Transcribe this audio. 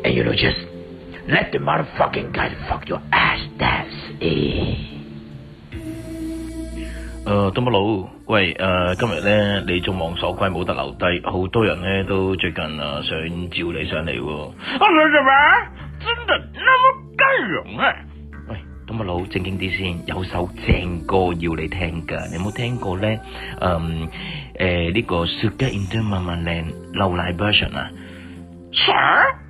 誒，你都 just let the motherfucking guys fuck your ass death。誒，誒，東木佬，喂，誒，今日咧你眾望所歸，冇得留低，好多人咧都最近啊想召你上嚟。我想做咩？真係那麼雞用啊！喂，東木佬，正經啲先，有首正歌要你聽噶，你有冇聽過咧？誒，呢個《Sugar in the Mountains》流奶 version 啊。啥？